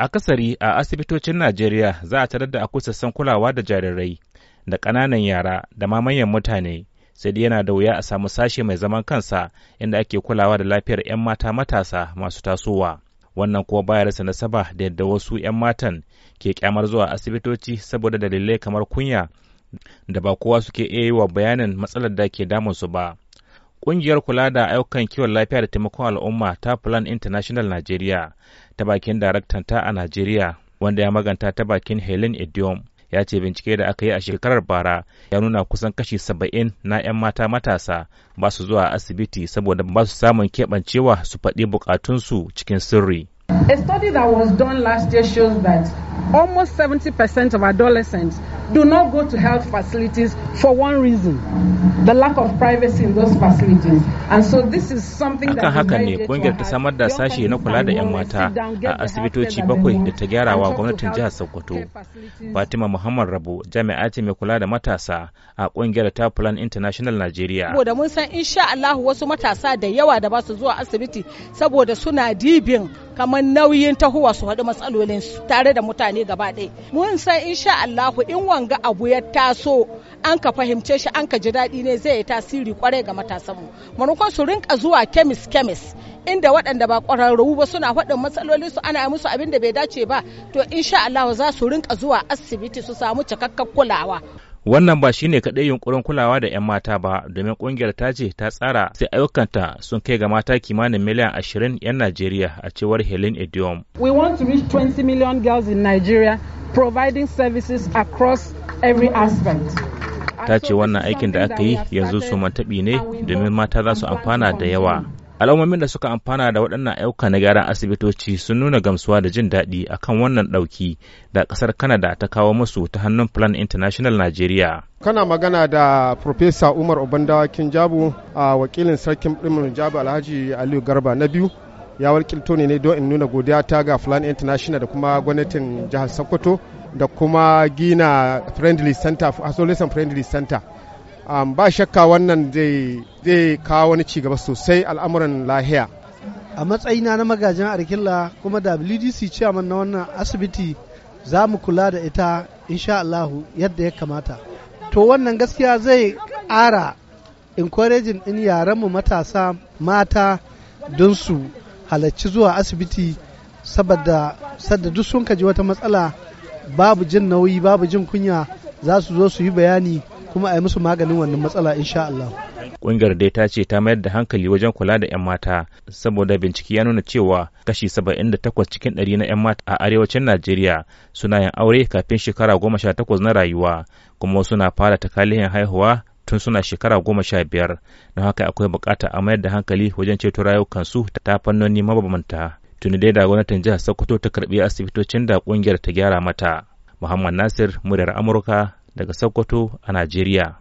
akasari a asibitocin najeriya za a tarar da akwai sassan kulawa da jarirai da ƙananan yara da ma manyan mutane sai dai yana da wuya a samu sashe mai zaman kansa inda ake kulawa da lafiyar 'yan mata matasa masu tasowa wannan kuwa baya rasa nasaba da yadda wasu 'yan matan ke kyamar zuwa asibitoci saboda dalilai kamar kunya da ba kowa suke iya yi wa bayanin matsalar da ke damunsu ba Ƙungiyar kula da ayyukan kiwon lafiya da taimakon al'umma ta Plan International Nigeria ta bakin daraktanta a Nigeria wanda ya maganta ta bakin Helen Idiom ya ce bincike da aka yi a shekarar bara ya nuna kusan kashi saba'in na 'yan mata matasa ba su zuwa asibiti saboda ba su samun keɓancewa su faɗi bukatunsu cikin sirri. A study that was done last year shows that almost 70% of adolescents do not go to health facilities for one reason the lack of privacy in those facilities and so this is something akan haka ne kungiyar ta samar da sashe na kula da 'yan mata a asibitoci bakwai da ta gyara wa gwamnatin jihar sokoto fatima muhammad rabu jami'a ce mai kula da matasa a kungiyar ta plan international nigeria saboda mun san insha Allah wasu matasa da yawa da ba su zuwa asibiti saboda suna dibin kamar nauyin tahuwa su haɗu matsalolin su tare da mutane gaba ɗaya mun san insha Allahu in wanga abu ya taso an ka fahimce shi an ka ji daɗi ne zai yi tasiri kwarai ga matasanmu maimakon su rinka zuwa kemis kemis inda waɗanda ba ƙwararru ba suna faɗin matsalolin su ana musu abin da bai dace ba to insha Allah za su rinka zuwa asibiti su samu cikakken kulawa Wannan ba shine kaɗai yunkurin kulawa da 'yan mata ba domin ƙungiyar ta ce ta tsara sai ayyukanta sun kai ga mata kimanin miliyan 20 'yan Najeriya a cewar Helen Idiom. We want to reach 20 million girls in Nigeria providing services across every aspect. ta ce wannan aikin da aka yi yanzu su mantaɓi ne domin mata za su amfana da yawa al'ummomin da suka amfana da waɗannan ayyuka na gyaran asibitoci sun nuna gamsuwa da jin daɗi akan wannan ɗauki da ƙasar kanada ta kawo musu ta hannun plan international nigeria kana magana da Profesa umar obandawa kinjabu a wakilin sarkin ɗimin jabu alhaji aliyu garba na biyu ya wakilto ne don in nuna godiya ta ga plan international da kuma gwamnatin jihar sokoto da kuma gina friendly center isolation friendly center um, ba shakka wannan zai zai kawo wani cigaba sosai al'amuran lahiya a matsayina na magajin arkilla kuma da wdc ciyaman na wannan asibiti za mu kula da ita insha Allahu yadda ya kamata to wannan gaskiya zai ƙara encouraging ɗin mu matasa mata don su halarci zuwa asibiti saboda sadda duk sun kaji wata matsala babu jin nauyi babu jin kunya za su zo su yi bayani kuma a yi musu maganin wannan matsala insha allahu Ƙungiyar dai ta ce ta mayar da hankali wajen kula da 'yan mata saboda bincike ya nuna cewa kashi saba'in da takwas cikin ɗari na 'yan mata a arewacin Najeriya suna yin aure kafin shekara goma sha takwas na rayuwa kuma wasu na fara takalihin haihuwa tun suna shekara goma sha biyar na haka akwai bukata a mayar da hankali wajen ceto rayukansu ta fannoni mabambanta tuni dai da gwamnatin jihar sokoto ta karbi asibitocin da kungiyar ta gyara mata muhammad nasir muryar amurka daga sokoto a najeriya